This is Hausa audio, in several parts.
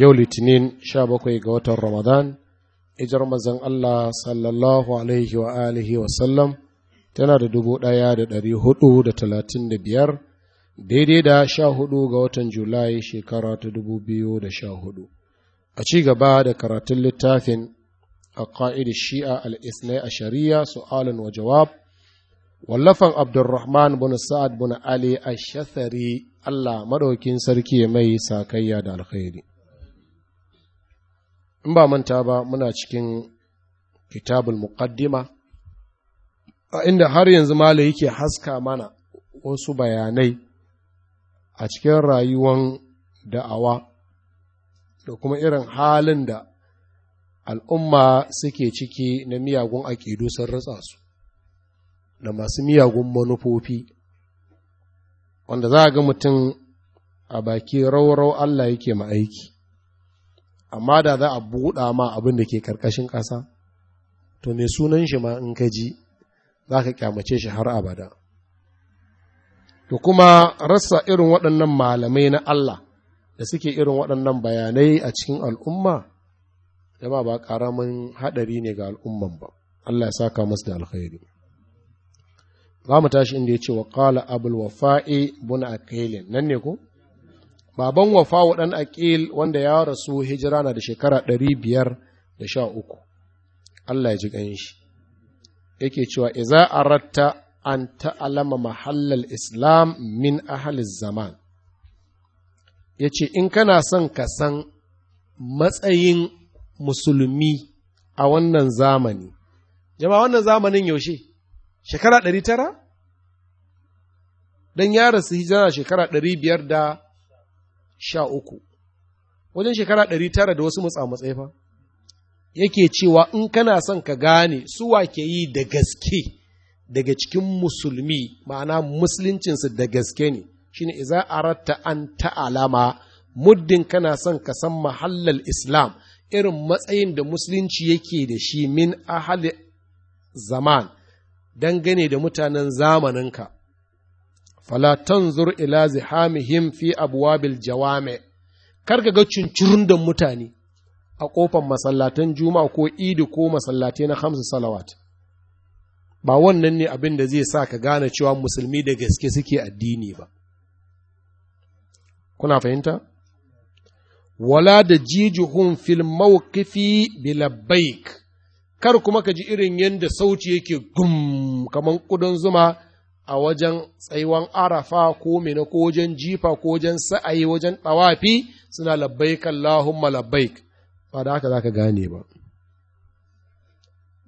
yau litinin sha bakwai ga watan ramadan ijar mazan Allah sallallahu alaihi wa alihi wa sallam tana da dubu ɗaya da ɗari hudu da talatin da biyar daidai da sha hudu ga watan julai shekara ta dubu biyu da sha hudu a ci gaba da karatun littafin a ƙa'idar shi'a al'isnai a shari'a su su'alin wa jawab wallafan abdurrahman bin sa'ad bin ali a shathari allah maɗaukin sarki mai sakayya da alkhairi in ba manta ba muna cikin kitabul muqaddima a inda har yanzu malai yake haska mana wasu bayanai a cikin rayuwan da'awa da kuma irin halin da al'umma suke ciki na miyagun aƙidu sun ratsa su da masu miyagun manufofi wanda za a ga mutum a baki raurau Allah yake aiki. amma da za a buɗa ma abin da ke ƙarƙashin ƙasa to mai sunan shi ma in ka ji za ka kyamace shi har abada to kuma rasa irin waɗannan malamai na Allah da suke irin waɗannan bayanai a cikin al'umma yaba ba ƙaramin haɗari ne ga al'umman ba Allah ya saka masu da alkhairi za mu tashi inda ya ce wa ƙala abul wafa'i buna akailin nan ne ko? baban wafawu ɗan aƙil wanda ya rasu hijira na da shekara ɗari biyar da sha uku Allah ya ji ganin shi yake cewa iza aratta an ta'alama mahallal islam min ahaliz zaman ya ce in kana son ka san matsayin musulmi a wannan zamani jama wannan zamanin yaushe shekara ɗari tara don ya rasu hijira shekara ɗari biyar da sha uku wajen shekara ɗari tara da wasu matsayi fa yake cewa in kana son ka gane su wake yi da gaske daga cikin musulmi ma'ana musuluncinsu da gaske ne shine iza aratta an ta'alama muddin kana son ka san mahallar islam irin matsayin da musulunci yake da shi min ahali zaman dangane da mutanen zamaninka fala tanzur ila zihamihim fi abwabil jawami kar ka ga cincirin da mutane a ƙofar masallatan juma'a ko idi ko masallatai na hamsin salawat ba wannan ne abin da zai sa ka gane cewa musulmi da gaske suke addini ba kuna fahimta wala da jijihun fil mawqifi kar kuma ka ji irin yadda sauci yake gum kaman kudan zuma a wajen tsaiwan arafa ko mina ko wajen jifa ko wajen sa'ayi wajen ɗawafi suna labbaik Allahumma labbaik ba da haka za ka gane ba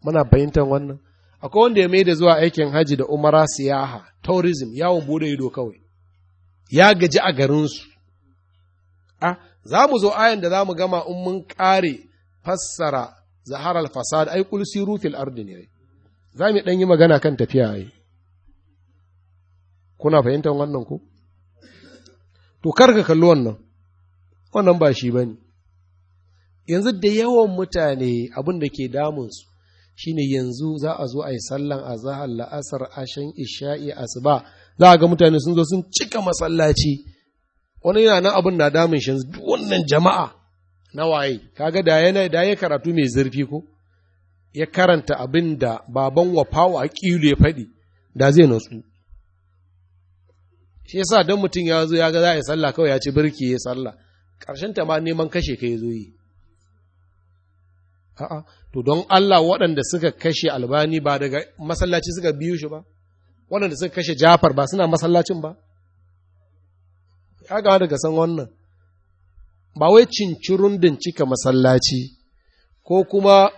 muna fahimtar wannan akwai wanda ya maida zuwa aikin haji da umara siyaha tourism yawon bude ido kawai ya gaji a garinsu a za mu zo ayan da za mu gama in mun ƙare fassara zahar al-fasad ai kulsi siru ardi ne za mu dan yi magana kan tafiya ai kuna fahimtar wannan ko to kar ka kalli wannan wannan ba shi bane yanzu da yawan mutane abin da ke damunsu shine yanzu za a zo a yi sallan azahar la'asar ashen isha'i asuba za a ga mutane sun zo sun cika masallaci wani yana nan abin na damun shi duk wannan jama'a na waye kaga da yana da ya karatu mai zurfi ko ya karanta abin da baban wafawa kilu ya faɗi da zai natsu shi yasa don mutum ya zo ya ga za a yi sallah kawai ya ci birki ya sallah ƙarshen ta ma neman kashe ka ya zo yi a'a to don Allah waɗanda suka kashe albani ba daga masallaci suka biyu shi ba waɗanda suka kashe jafar ba suna masallacin ba ya gama daga san wannan ba wai din cika masallaci ko kuma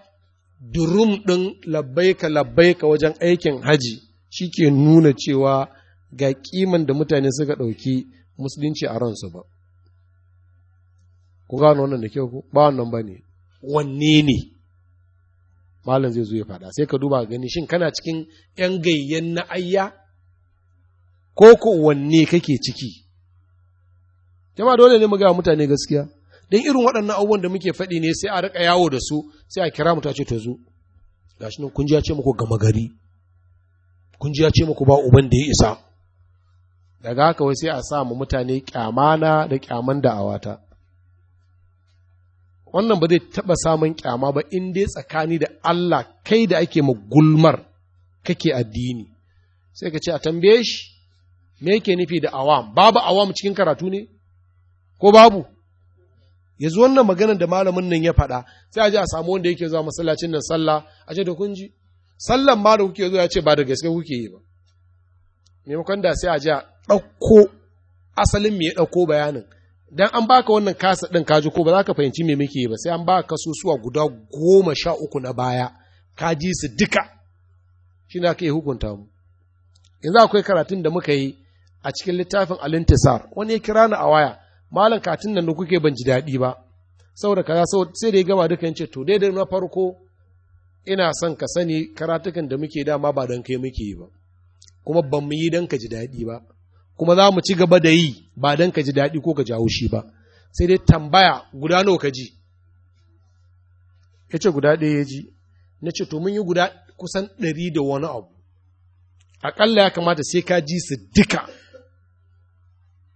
durum ɗin labbaika labbaika wajen aikin haji shi ke nuna cewa ga kiman da mutane suka ɗauki musulunci a ransu ba ku gano wannan da kyau ku ba wannan ba ne wanne ne malam zai zo ya faɗa sai ka duba gani shin kana cikin ‘yan gayyan na ayya ko ku wanne kake ciki jama dole ne mu ga mutane gaskiya don irin waɗannan abubuwan da muke faɗi ne sai a riƙa yawo da su sai a kira mu ta ce ta zo gashi nan kun ji ya ce muku gama gari kun ji ya ce muku ba uban da ya isa daga haka wai sai a sa mu mutane kyamana da kyaman da'awata wannan ba zai taɓa samun kyama ba in dai tsakani da Allah kai da ake ma gulmar kake addini sai ka ce a tambaye shi me yake nufi da awam babu awam cikin karatu ne ko babu yanzu wannan maganar da malamin nan ya faɗa sai a je a samu wanda yake zuwa masallacin nan sallah a ce da kun ji sallan ma da kuke zuwa ya ce ba da gaske kuke yi ba maimakon da sai a ji ɗauko asalin me ya ɗauko bayanin dan an baka wannan kasa ɗin kaji ko ba za ka fahimci me muke ba sai an baka kasusuwa guda goma sha uku na baya kaji ji su duka shi na kai hukunta mu yanzu akwai karatun da muka yi a cikin littafin alintisar wani ya kira ni a waya malam katin nan da kuke ban ji daɗi ba saboda kaza sai da ya gama duka yance to daidai na farko ina son ka sani karatukan da muke dama ba don kai muke yi ba kuma ban mu yi don ka ji daɗi ba kuma za mu ci gaba da yi ba don ka ji daɗi ko ka ji haushi ba sai dai tambaya guda nawa ka ji ya ce guda ɗaya ya ji na ce to mun yi guda kusan ɗari da wani abu aƙalla ya kamata sai ka ji su duka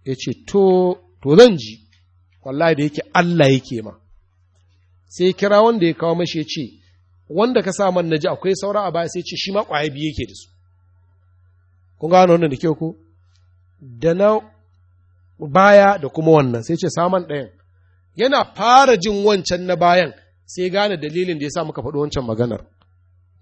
ya ce to to zan ji wallahi da yake Allah yake ma sai kira wanda ya kawo mashi ya ce wanda ka sa man na ji akwai saura a baya sai ce shi ma ƙwaya biyu yake da su kun ga wannan da kyau ko da na baya da kuma wannan sai ce saman ɗayan yana fara jin wancan na bayan sai gane dalilin da ya sa muka faɗi wancan maganar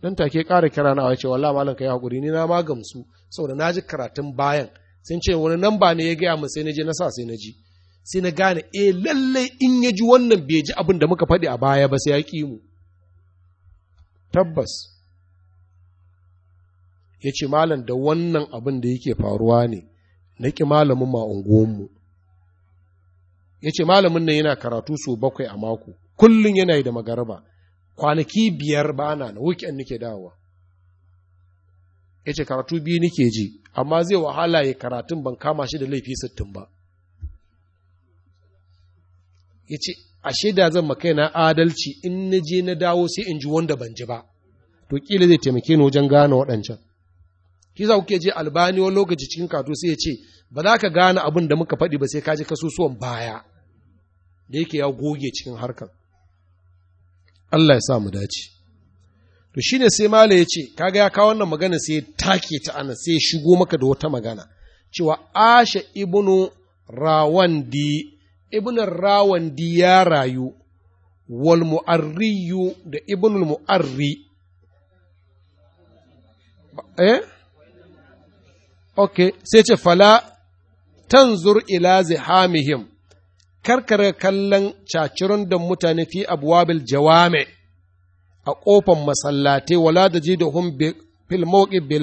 dan take ƙara kira na ce wallahi malam kai hakuri ni na ma gamsu saboda na ji karatun bayan sun ce wani nan ne ya gaya min sai na je na sa sai na ji sai na gane eh lalle in ya ji wannan bai ji abin da muka faɗi a baya ba sai ya ƙi mu tabbas ya ce malam da wannan abin da yake faruwa ne na ƙi malamin ma ya ce malamin nan yana karatu sau bakwai a mako kullum yana yi da magaraba kwanaki biyar bana na weekend nake dawa ya ce karatu biyu nake ji amma zai wahala ya karatun ban kama shi da laifi sittin ba ya ce ashe da zan makai na adalci in na je na dawo sai in ji wanda ban ji ba to kila zai taimake ni wajen gane waɗancan shi za ke je albani wani lokaci cikin kato sai ya ce ba za ka gane abin da muka faɗi ba sai ka ji kasusuwan baya da yake ya goge cikin harkan Allah ya sa mu dace to shine sai mala ya ce kaga ya kawo wannan magana sai ya take ta ana sai ya shigo maka da wata magana cewa asha ibnu rawandi ibnu rawandi ya rayu wal mu'arriyu da ibnu mu'arri eh Okay, sai ce fala tanzur ila zihamihim karkare kallon cacirun da mutane fi abuwabil jawame a ƙofan masallatai wala da ji da hun fil mawqi bi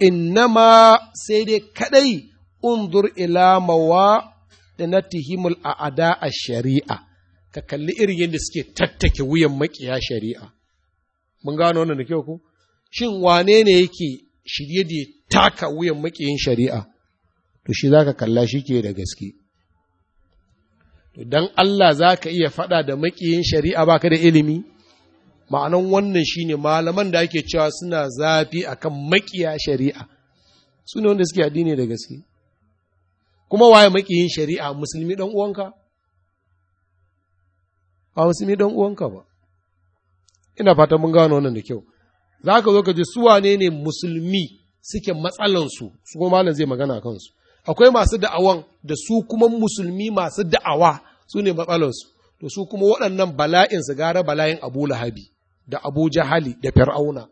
innama sai dai kadai unzur ila mawa da natihimul a'ada a shari'a ka kalli irin yadda suke tattake wuyan makiya shari'a mun gano wannan da kyau ko shin wane ne yake shirye da taka wuyan makiyin shari'a to shi zaka kalla shi ke da gaske to dan Allah zaka iya faɗa da makiyin shari'a baka da ilimi ma'anan wannan shine malaman da ake cewa suna zafi akan makiya shari'a su ne wanda suke addini da gaske kuma waye makiyin shari'a musulmi dan uwanka ba musulmi dan uwanka ba ina fata mun gano wannan da kyau za ka zo ka ji su wane ne musulmi suke matsalansu su kuma malam zai magana kansu akwai masu da'awan da su kuma musulmi masu da'awa su ne matsalansu to su kuma waɗannan bala'in su gara bala'in abu lahabi da abu jahali da fir'auna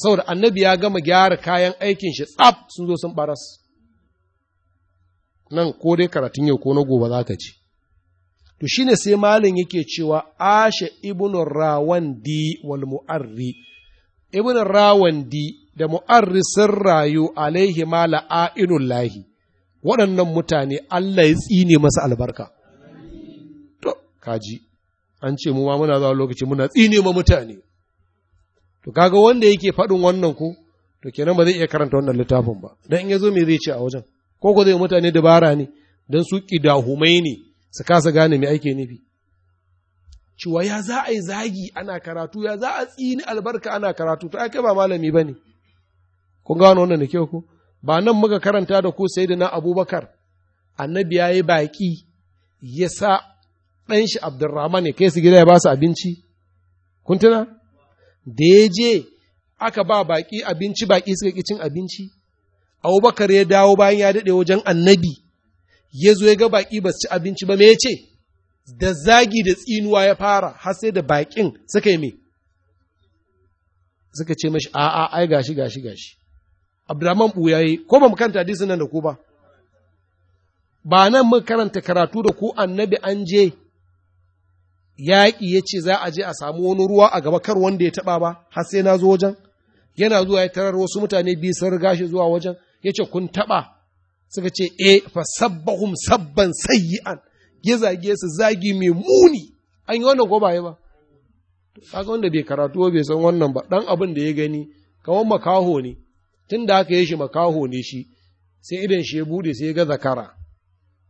saboda annabi ya gama gyara kayan aikin shi tsaf sun zo sun baras nan ko dai karatun yau ko na gobe za ka ci to shine sai malin yake cewa ashe ibn rawandi wal mu'arri ibn rawandi da mu'arrisin rayu alaihi ma waɗannan mutane Allah ya tsine masa albarka to kaji an ce mu ma muna zuwa lokaci muna tsine ma mutane to kaga wanda yake faɗin wannan ko to kenan ba zai iya karanta wannan littafin ba dan in yazo me zai ce a wajen ko ko zai mutane dabara ne dan su kidahumai ne su kasa gane me ake nufi cewa ya za a yi zagi ana karatu ya za a tsini albarka ana karatu to ake ba malami ba ne kun gano wannan da kyau ku? ba nan muka karanta da ku sai da na abubakar annabi ya yi baƙi ya sa ɗan shi abdurrahman ya kai su gida ya ba su abinci kun tuna da ya je aka ba baƙi abinci baƙi suka ƙi abinci abubakar ya dawo bayan ya daɗe wajen annabi ya zo ya ga baƙi ba su ci abinci ba me ya ce da zagi da tsinuwa ya fara har sai da bakin suka yi me suka ce mashi a'a ai gashi gashi gashi abdurrahman ɓuyayi ko ba mu karanta hadisin nan da ku ba ba nan mu karanta karatu da ku annabi an je yaƙi ya ce za a je a samu wani ruwa a gaba kar wanda ya taɓa ba har sai na zo wajen yana zuwa ya tarar wasu mutane biyu sun riga shi zuwa wajen ya ce kun taɓa suka ce e fa sabbahum sabban sayyi'an gizage su zagi mai muni an yi wannan ko ba ba kaga wanda bai karatu bai san wannan ba dan abin da ya gani kamar makaho ne tun da aka yi shi makaho ne shi sai idan shi ya bude sai ya ga zakara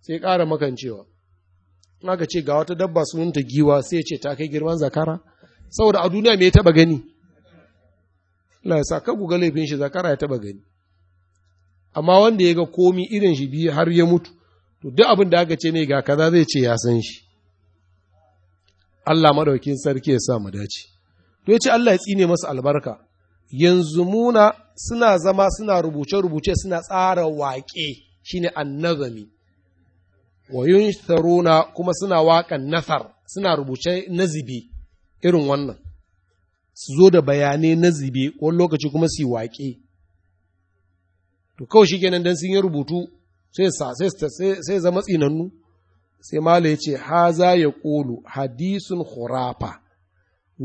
sai ƙara makancewa in aka ce ga wata dabba sunanta giwa sai ya ce ta kai girman zakara saboda a duniya me ya taba gani Allah ya sa ka ga laifin shi zakara ya taba gani amma wanda ya ga komi irin shi biyu har ya mutu to duk abin da aka ce ne ga kaza zai ce ya san shi Allah madaukin sarki ya sa mu dace to yace Allah ya tsine masa albarka yanzu muna suna zama suna rubuce rubuce suna tsara waƙe shine annazami wa yunsaruna kuma suna waƙan nasar suna rubuce nazibi irin wannan su zo da bayanai nazibi wani lokaci kuma su yi waƙe to kawai shi kenan dan sun yi rubutu sai sa sai zama tsinannu sai mala ya ce haza ya kulu hadisun khurafa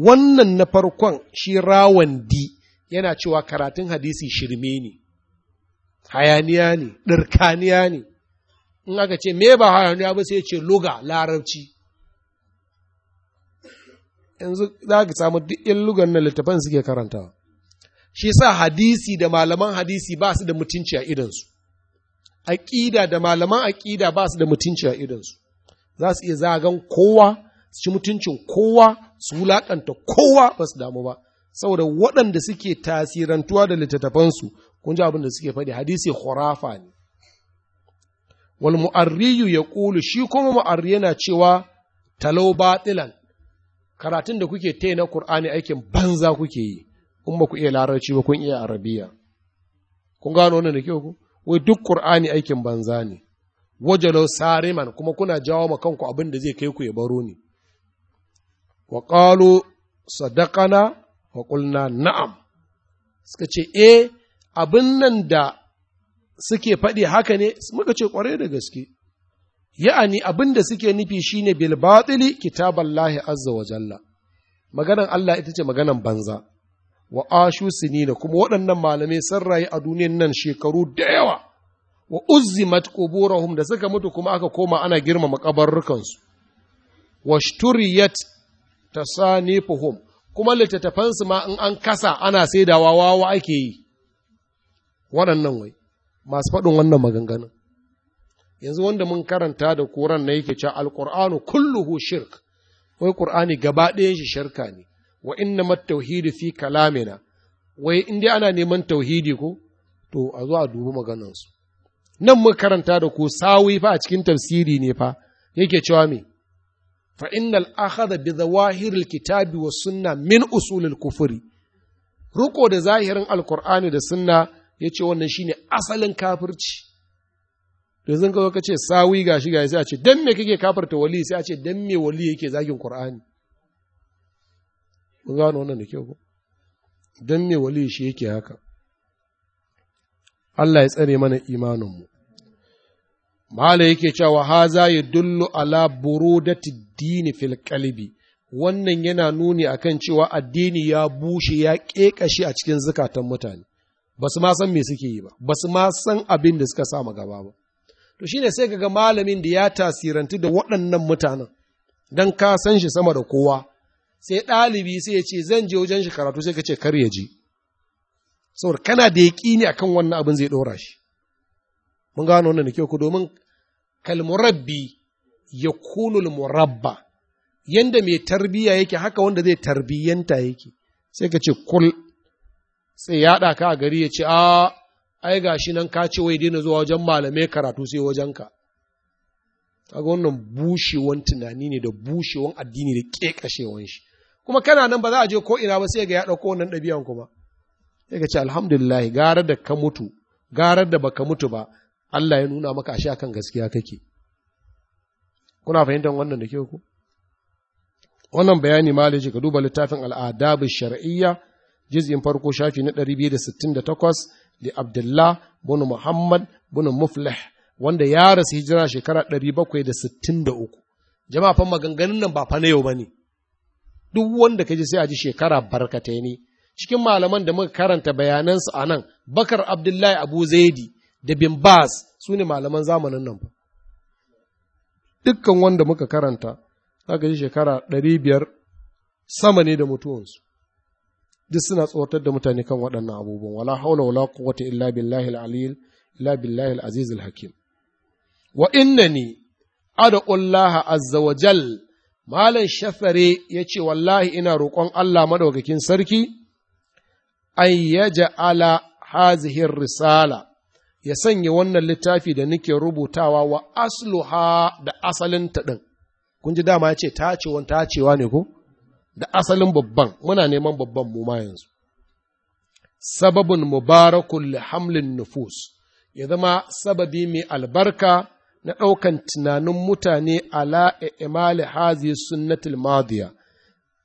wannan na farkon shi rawan yana cewa karatun hadisi shirme ne hayaniya ne ɗarkaniya ne in aka ce me ba hayaniya ba sai ce luga larabci yanzu za ka samu duk yan lugan na littafan suke karantawa shi sa hadisi da malaman hadisi ba su da mutunci a idansu aƙida da malaman aƙida ba su da mutunci a idonsu za su iya zagan kowa su ci mutuncin kowa su wulaƙanta kowa ba su damu ba saboda waɗanda suke tasirantuwa da littattafansu kun ji abin da suke faɗi hadisi khurafa ne wal mu'arriyu ya ƙulu shi kuma mu'arri yana cewa talau batilan karatun da kuke ta na Kur'ani aikin banza kuke yi in ba ku iya larabci ba kun iya arabiya kun gano wannan da kyau ku wai duk ƙur'ani aikin banza ne wajalau sariman kuma kuna jawo ma kanku abinda zai kai ku ya baro ni wa qalu sadaqana wa qulna na'am suka ce eh abin nan da suke faɗi haka ne muka ce ƙware da gaske ya'ani abin da suke nufi shine bil batili kitaballahi azza wa jalla maganan Allah ita ce maganan banza wa ashu sinina kuma waɗannan malamai sun rayu a duniyan nan shekaru da yawa wa uzzimat quburahum da suka mutu kuma aka koma ana girmama kabarrukansu shturiyat tasanifuhum kuma littattafansu ma in an kasa ana saidawa wawa ake yi waɗannan wai masu faɗin wannan maganganun yanzu wanda mun karanta da koran na yake cewa alqur'anu kulluhu shirk wai qur'ani gaba ɗayan shi shirka ne wa inna tauhidi fi kalamina wai in dai ana neman tauhidi ko to a zo a dubi maganansu nan mu karanta da ku sawi fa a cikin tafsiri ne fa yake cewa me fa innal akhadha bi zawahiril kitabi was sunna min usulil kufri ruko da zahirin alqur'ani da sunna yace wannan shine asalin kafirci da zan ga ka ce sawi gashi gashi sai a ce dan me kake kafarta wali sai a ce dan me wali yake zagin qur'ani kun gano wannan da kyau ba don me wali shi yake haka Allah ya tsare mana imaninmu Mala yake cewa haza ya dullu ala burodati dini fil wannan yana nuni akan cewa addini ya bushe ya ƙeƙashe a cikin zukatan mutane ba su ma san me suke yi ba ba su ma san abin da suka samu gaba ba to shine sai ga malamin da ya tasirantu da waɗannan mutanen don ka san shi sama da kowa sai ɗalibi sai ya ce zan je wajen shi karatu sai ka ce kar ya je saboda kana da ya a kan wannan abin zai ɗora shi mun gano wannan da kyau ku domin kalmurabbi ya kunu murabba yanda mai tarbiyya yake haka wanda zai tarbiyyanta yake sai ka ce kul sai ya ɗaka a gari ya ce a ai ga shi nan ka ce wai daina zuwa wajen malamai karatu sai wajen wajenka kaga wannan bushewan tunani ne da bushewan addini da ƙeƙashewan shi kuma kana nan ba za a je ko ina ba sai ga ya ɗauko wannan ɗabi'an kuma sai ka ce alhamdulillah gara da ka mutu gara da baka mutu ba Allah ya nuna maka ashe akan gaskiya kake kuna fahimtar wannan da ke ku wannan bayani malaji ka duba littafin al'adab shar'iyya juz'in farko shafi na 268 li Abdullah bin Muhammad bin Muflih wanda ya rasu hijira shekara 763 jama'a fa maganganun nan ba fa na yau bane duk wanda ka ji sai a ji shekara barkatai ne cikin malaman da muka karanta bayanansu a nan bakar abdullahi abu zaidi da bin bas su ne malaman zamanin nan ba dukkan wanda muka karanta za ka ji shekara ɗari biyar sama ne da mutuwansu duk suna tsotar da mutane kan waɗannan abubuwan wala haula wala quwwata illa billahi al illa billahi al-aziz al-hakim wa innani ad'u azza wa jal Malam Shafare ya ce, Wallahi ina roƙon Allah maɗaukakin sarki, an ya ja'ala hazihin risala, ya sanya wannan littafi da nake rubutawa wa asluha da asalin taɗin. Kun ji dama ya ce, ta ta cewa ne ku? Da asalin babban, muna neman babban mu ma yanzu. Sababin mubarakun hamlin nufus, ya zama sababi mai albarka na ɗaukan tunanin mutane ala imali hazi sunnatul madiya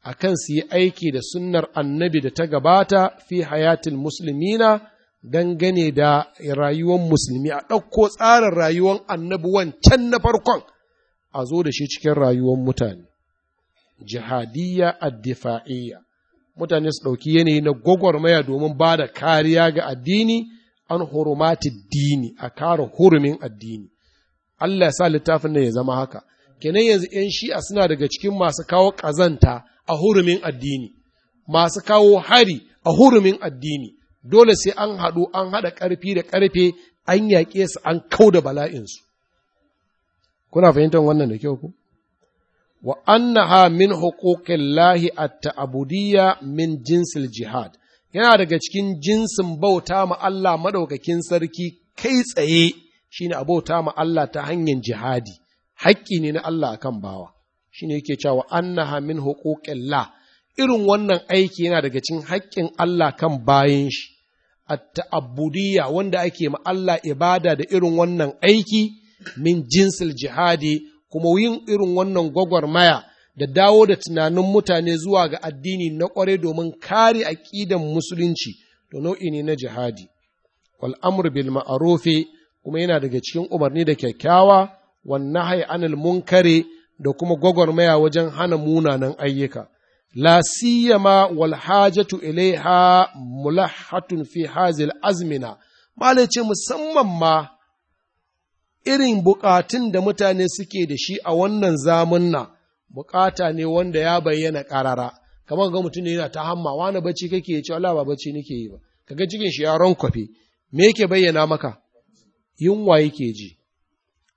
a kan su yi aiki da sunnar annabi da ta gabata fi hayatul musulmina dangane da rayuwar musulmi a ɗauko tsarin rayuwar annabi wancan na farkon a zo da shi cikin rayuwar mutane jihadiyya addifa'iyya mutane su ɗauki yanayi na gwagwarmaya domin ba da kariya ga addini an hurumati dini a kare hurumin addini Allah ya sa littafin nan ya zama haka kenan yanzu ‘yan shi'a suna daga cikin masu kawo ƙazanta a hurumin addini masu kawo hari a hurumin addini dole sai an haɗu an haɗa ƙarfi da ƙarfe an yaƙe su an kau da bala'insu kuna fahimtar wannan da kyau ku wa annaha min huquqillahi at-ta'budiyya min jinsil jihad yana daga cikin jinsin bauta ma Allah madaukakin sarki kai tsaye shine abota ma Allah ta hanyar jihadi haƙƙi ne na Allah akan bawa shine yake cewa annaha min la, irin wannan aiki yana daga cikin haƙƙin Allah kan bayan shi A taabbudiyya wanda ake ma Allah ibada da irin wannan aiki min jinsil jihadi kuma yin irin wannan gwagwarmaya da dawo da tunanin mutane zuwa ga addini na ƙware domin kare aƙidan musulunci To nau'i ne na jihadi wal amr bil ma'arufi kuma yana daga cikin umarni da kyakkyawa wanna hai anil munkari da kuma gwagwarmaya wajen hana munanan ayyuka la siyama wal hajatu ilaiha mulahhatun fi hazil azmina malai musamman ma irin bukatun da mutane suke da shi a wannan zamanna bukata ne wanda ya bayyana karara kamar ga mutum yana ta hamma wani bacci kake ce Allah ba bacci nake yi ba kaga cikin shi ya rankwafe me yake bayyana maka yunwa yake ji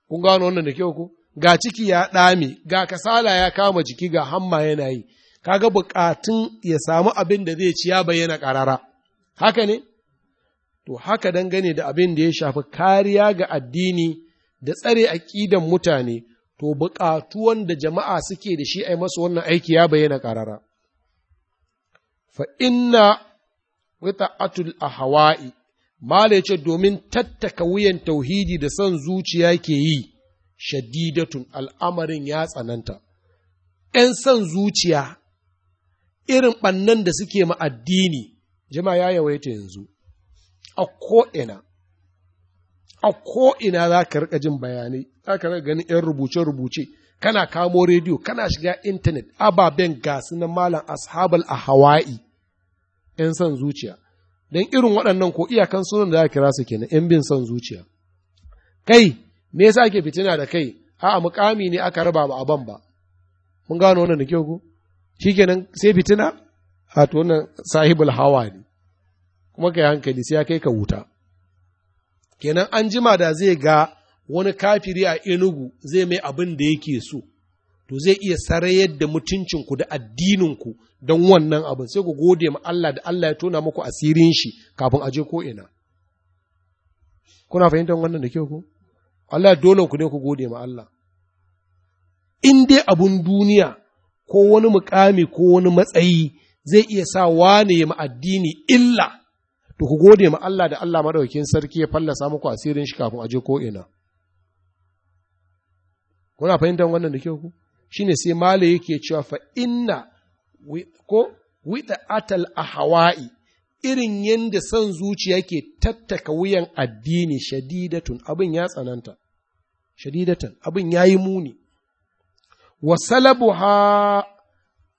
kun gano wannan da kyau ku ga ciki ya ɗame ga kasala ya kama jiki ga hamma yana yi kaga buƙatun ya samu abin da zai ci ya bayyana ƙarara haka ne to haka dangane da abin da ya shafi kariya ga addini da tsare aƙidan mutane to buƙatuwan da jama'a suke da shi a masu wannan aiki ya bayyana ƙarara fa atul a ahwa'i Mala ce domin tattaka wuyan tauhidi da son zuciya ke yi, shadidatun al'amarin ya tsananta. ‘Yan son zuciya, irin ɓannan da suke ma'addini addini, ya yawaita yanzu, a ko'ina, a ko'ina za ka riƙa jin bayanai, za ka riƙa ganin ‘yan rubuce-rubuce, kana kamo rediyo, kana shiga intanet, ababen gasu na malam ashabal a Hawaii, ‘yan son zuciya. don irin waɗannan ko iyakan sunan da za kira su kenan ‘yan bin son zuciya. Kai, me yasa ake fitina da kai, a'a mukami ne aka raba ba ban ba. Mun gano wannan da kyau ku? Shi kenan sai fitina? A to wannan sahibul hawa ne. Kuma kai hankali sai ya kai ka wuta. Kenan an jima da zai ga wani kafiri a Enugu zai mai abin da yake so. to zai iya sarayar da mutuncinku da addininku don wannan abin sai ku gode ma Allah da Allah ya tona muku asirin shi kafin aje ko ina kuna fahimtar wannan da kyau ko Allah dole ku ne ku gode ma Allah in dai abun duniya ko wani mukami ko wani matsayi zai iya sa wane ya addini illa to ku gode ma Allah da Allah madaukakin sarki ya fallasa muku asirin shi kafin aje ko ina kuna fahimtar wannan da kyau ku shine sai male yake cewa fa inna ko wita atal a hawa'i irin yadda son zuciya ke tattaka wuyan addini shadidatun abin ya tsananta shadidatan abin ya yi muni wa salabuha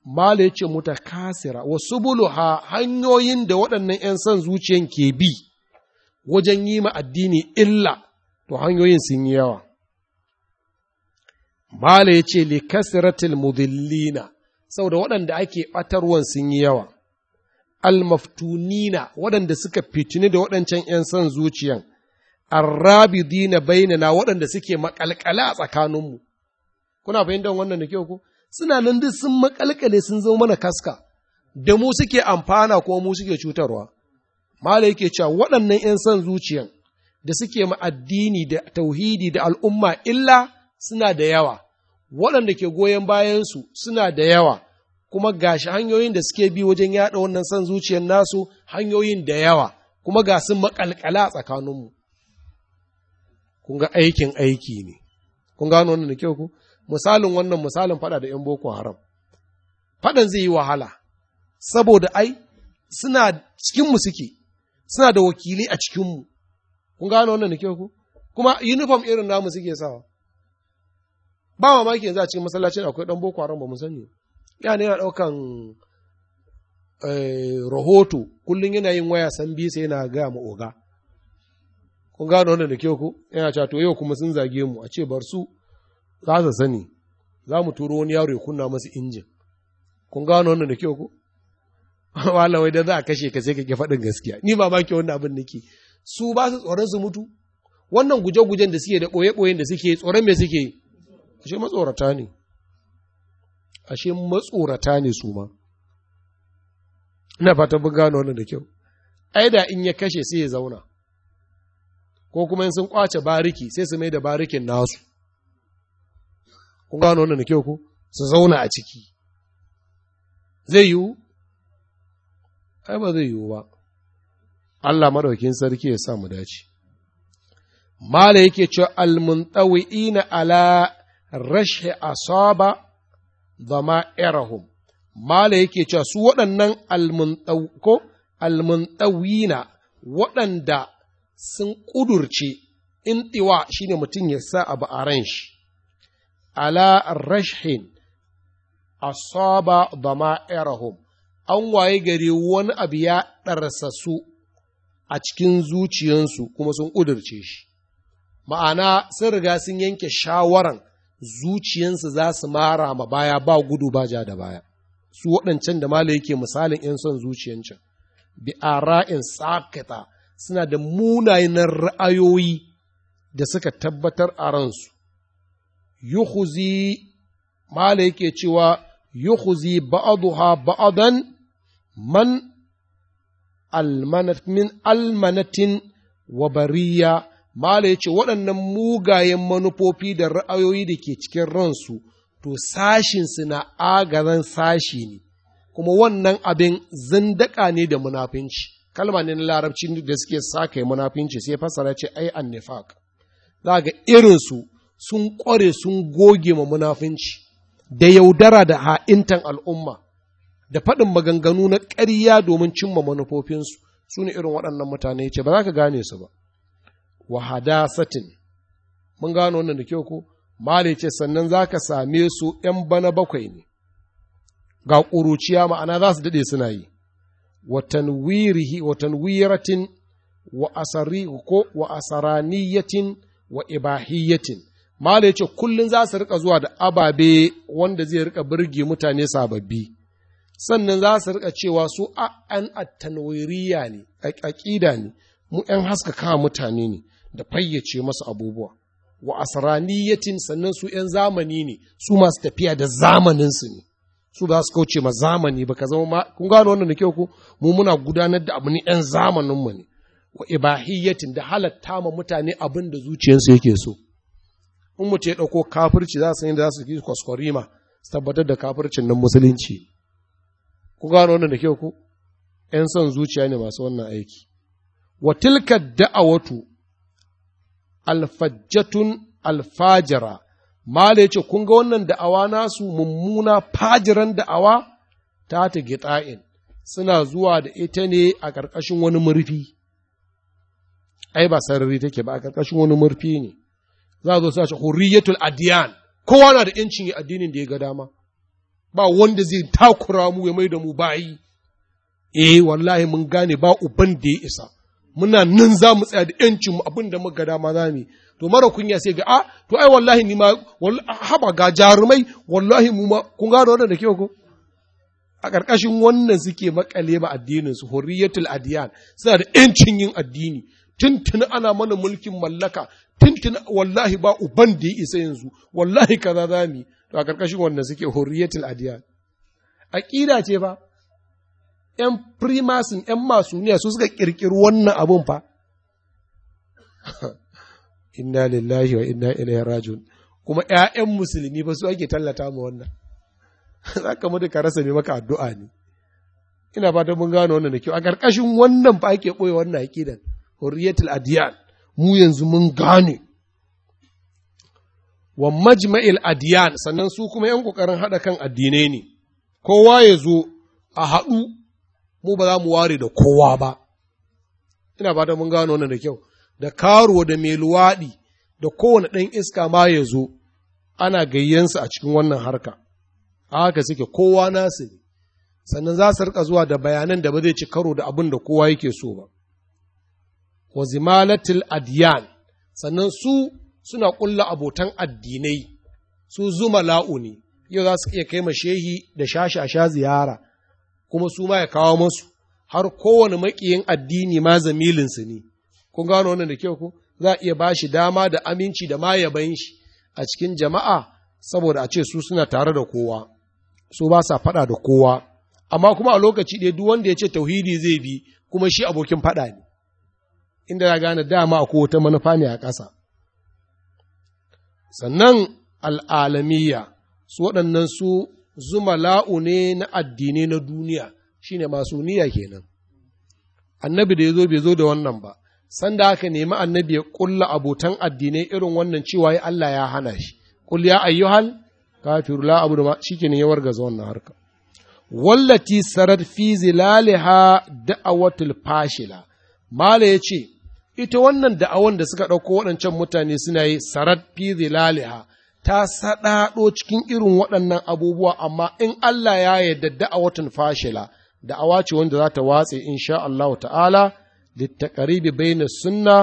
male ya mutakasira wa subuluha hanyoyin da waɗannan ‘yan son zuciyan ke bi wajen yi ma addini illa to hanyoyin sun yi yawa Mala ya ce, Likasiratil mudillina, saboda waɗanda ake ɓatarwan sun yi yawa, almaftunina waɗanda suka fitini da waɗancan ‘yan son zuciyan, arrabidina bainana waɗanda suke maƙalƙala a tsakaninmu. Kuna fahimtar wannan da kyau ko? Suna nan duk sun maƙalƙale sun zama mana kaska, da mu suke amfana ko mu suke cutarwa. Mala yake cewa waɗannan ‘yan son zuciyan da suke ma addini da tauhidi da al'umma illa suna da yawa, waɗanda ke goyon bayansu suna da yawa, kuma gashi hanyoyin da suke bi wajen yaɗa wannan son zuciyar nasu hanyoyin da yawa, kuma ga sun maƙalƙala tsakaninmu. Kun ga aikin aiki ne, kun gano wannan da kyau ku? Misalin wannan misalin faɗa da ‘yan Boko Haram. Faɗan zai yi wahala, saboda ai, suna cikinmu suke, suna da wakili a cikinmu. Kun gano wannan da kyau ku? Kuma uniform irin namu suke sawa. ba ma maki yanzu a cikin masallacin akwai dan boko haram ba mu sani ne yana ɗaukan eh, rahoto kullum yana yin waya san biyu sai yana gaya ma oga kun gano wannan da ke ku yana cewa to yau kuma sun zage mu a ce bar su za su sani za mu turo wani yaro ya kunna masu injin kun gano wannan da ke ku wala wai da za a kashe ka sai ka ke faɗin gaskiya ni ba maki wannan abin nake su ba su tsoron su mutu wannan guje-gujen da suke da ɓoye-ɓoyen da suke tsoron me suke yi ashe matsorata ne ashe matsorata ne su ma ina fata mun gano wannan da kyau ai da in ya kashe sai ya zauna ko kuma in sun kwace bariki sai su mai da barikin nasu kun gano wannan da kyau ko su zauna a ciki zai yiwu ai ba zai yiwu ba Allah madaukin sarki ya sa mu dace mala yake cewa ina ala rashe asaba zama erahum mala yake cewa su waɗannan almuntauko almuntawina waɗanda sun ƙudurce intiwa shine mutum ya sa abu a ran shi ala rashin asaba zama erahum an waye gare wani abu ya ɗarsa su a cikin zuciyansu kuma sun ƙudurce shi ma'ana sun riga sun yanke shawaran zuciyansu za su mara ma baya ba gudu ba ja da baya su waɗancan da mala yake misalin 'yan son zuciyancin bi ra’in sakata suna da munayen ra'ayoyi da suka tabbatar a ransu yuhuzi mala yake cewa yuhuzi ba'aduha ba'adan man almanatin wa bariya Mala ya ce waɗannan mugayen manufofi da ra'ayoyi da ke cikin ransu, to sashinsu na agazan sashi ne, kuma wannan abin zindaka ne da munafinci. Kalma ne na larabci da suke sa kai munafinci sai fasara ce ai an nifaq. Za ga irinsu sun ƙware sun goge ma munafinci, da yaudara da ha'intan al'umma, da faɗin maganganu na ƙarya domin cimma manufofinsu, su ne irin waɗannan mutane ce ba za ka gane su ba. wa hadasatin mun gano wannan da kyau ko malai ce sannan za ka same su ‘yan bana bakwai ne ga ƙuruciya ma'ana za su daɗe suna yi watan wiratin wa asari ko wa asaraniyatin wa ibahiyatin malai ce kullum za su rika zuwa da ababe wanda zai rika birge mutane sababbi sannan za su rika cewa su an attanwiriya ne a ne mu ‘yan haskaka mutane ne da fayyace masu abubuwa wa asraniyatin sannan su ‘yan zamani ne su masu tafiya da zamaninsu ne su ba su kauce ma zamani ba ka zama ma kun gano wannan da kyau ku mu muna gudanar da abu ne ‘yan zamaninmu ne wa ibahiyatin da halatta ma mutane abin da zuciyarsu yake so in mu ya ɗauko kafirci za su yi da za su yi kwaskwarima su tabbatar da kafircin nan musulunci Kun gano wannan da kyau ku ‘yan son zuciya ne masu wannan aiki wa tilka da'awatu alfajjatun alfajara. mala ya ce kun ga wannan da'awa nasu mummuna fajiran da'awa ta ta gita'in suna zuwa da ita ne a ƙarƙashin wani murfi ai ba sarari take ba a ƙarƙashin wani murfi ne za a zo sa shi hurriyatul adiyan kowa na da yancin addinin da ya ga dama ba wanda zai takura mu ya mai da mu bayi eh wallahi mun gane ba uban da ya isa muna nan za mu tsaya da ‘yancin mu abin da muka dama za mu to mara kunya sai ga a ah, to ai wallahi ni ma haba ga jarumai wallahi mu ma kun gano wannan da ke ko a ƙarƙashin wannan suke makale ma addinin su hurriyatul adiyan suna da ‘yancin yin addini tuntun ana mana mulkin mallaka tuntun wallahi ba uban da ya isa yanzu wallahi kaza za mu to a ƙarƙashin wannan suke hurriyatul adiyan aqida ce ba ‘yan primasin, ‘yan masuniya su suka ƙirƙiri wannan abun fa. Inna lillahi wa inna ilaihi rajun kuma ‘ya'yan musulmi ba su ake tallata ma wannan, za ka mutu ka rasa mai maka addu'a ne. Ina fata mun gano wannan da kyau, a ƙarƙashin wannan fa ake ɓoye wannan aƙidan, hurriyatul adiyan, mu yanzu mun gane. Wa majma'il adiyan, sannan su kuma ‘yan ƙoƙarin haɗa kan addinai ne, kowa ya zo a haɗu mu ba za mu ware da kowa ba ina fata mun gano wannan da kyau da karuwa da mai luwaɗi da kowane ɗan iska ma ya zo ana gayyansu a cikin wannan harka haka suke kowa nasu ne sannan za su rika zuwa da bayanan da ba zai ci karo da abin da kowa yake so ba wa zimalatil adyan sannan su suna ƙulla abotan addinai su zuma la'uni, yau za su iya kai ma shehi da shashasha ziyara kuma su ma ya kawo masu har kowane makiyin addini ma zamilinsu ne kun gano wannan da kyau ko za a iya ba shi dama da aminci da ma yaban shi a cikin jama'a saboda a ce su suna tare da kowa su ba sa faɗa da kowa amma kuma a lokaci ɗaya duk wanda ya ce tauhidi zai bi kuma shi abokin faɗa ne inda ya gane dama ko wata manufa ne a ƙasa sannan al'alamiyya su waɗannan su zumala'u ne na addinai na duniya shine masuniya kenan annabi da ya zo bai zo da wannan ba sanda aka nemi annabi ya kulla abotan addinai irin wannan cewa ya Allah ya hana shi kul ya ayyuhal kafiru la abudu ma shikenan ya zuwa wannan harka wallati sarar fi zilaliha da'awatul fashila mala yace ita wannan da'awan da suka ɗauko waɗancan mutane suna yi sarar fi zilaliha ta saɗaɗo cikin irin waɗannan abubuwa amma in Allah ya yarda da'awatun fashila da'awa ce wanda za ta watse sha Allah ta'ala littaqaribi baina sunna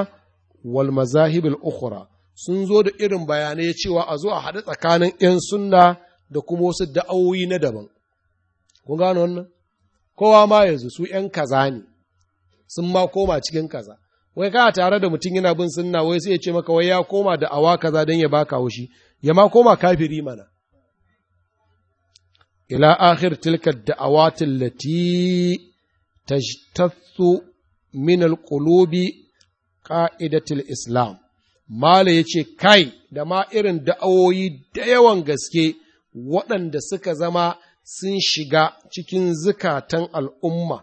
wal mazahib ukhra sun zo da irin bayanai cewa a zo a haɗu tsakanin 'yan suna da kuma wasu da'awoyi na daban kun gano wannan kowa ma yanzu su 'yan kaza ne sun ma cikin kaza wai ka tare da mutum yana bin sunna wai sai ya ce maka wai ya koma da awa kaza don ya baka haushi ya ma koma kafiri mana ila akhir tilka da'awati allati tajtathu min alqulubi qa'idatul islam mala yace kai da ma irin da'awoyi da yawan gaske waɗanda suka zama sun shiga cikin zukatan al'umma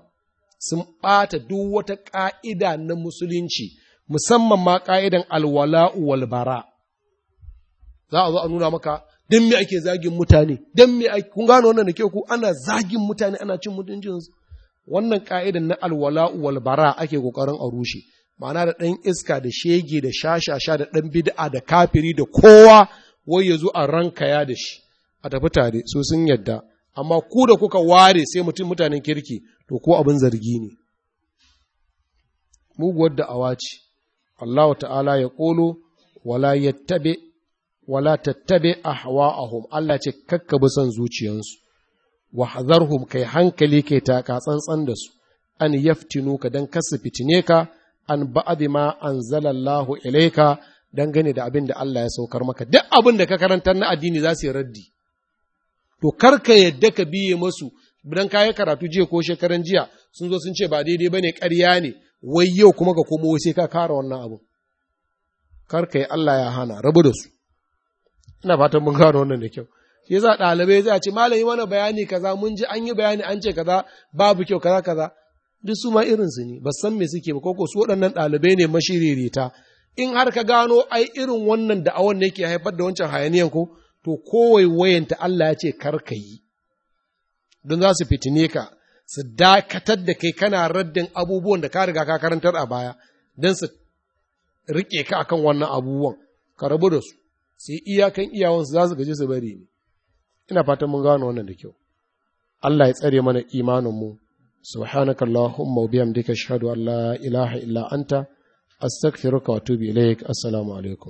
sun ɓata duk wata ƙa'ida na musulunci musamman ma ƙa'idan alwala'u walbara za a zo a nuna maka don me ake zagin mutane don me ake kun gano wannan da ke ku ana zagin mutane ana cin mutuncinsu wannan ka'idan na alwala wal bara ake kokarin a rushe ma'ana da ɗan iska da shege da shashasha da ɗan bid'a da kafiri da kowa wai ya zo a rankaya da shi a tafi tare so sun yadda amma ku da kuka ware sai mutum mutanen kirki to ko abin zargi ne muguwar da'awa ce Allah ta'ala ya kolo, wala yattabi wala tattabi hum. Allah ce kakka bi son zuciyansu wa hum kai hankali ke taka tsantsan da su an yaftinu ka dan kasu fitine ka an ba'd ma anzalallahu ilayka dan gane da abin da Allah ya saukar maka duk abin da ka karanta na addini za su yi raddi to karka yadda ka biye masu dan kayan karatu jiya ko shekaran jiya sun zo sun ce ba daidai bane ƙarya ne wai yau kuma ka komo sai ka kara wannan abin karka yi Allah ya hana rabu da su ina fatan mun gano wannan da kyau shi yasa ɗalibai zai ce malami mana bayani kaza mun ji an yi bayani an ce kaza babu kyau kaza kaza duk su ma irin su ne ba san me suke ba koko su waɗannan ɗalibai ne mashiririta in har ka gano ai irin wannan da awon ne ke haifar da wancan hayaniyan ko to kowai wayanta Allah ya ce kar ka yi don za su fitine ka su dakatar da kai kana raddin abubuwan da ka riga ka karantar a baya don su rike ka akan wannan abubuwan ka rabu da su sai iyakan iyakan iyawansu za su gaji su bari ne ina fatan mun gano wannan da kyau Allah ya tsare mana imaninmu subhanaka allahumma wa bihamdika ashhadu an la ilaha illa anta astaghfiruka wa atubu ilaik assalamu alaikum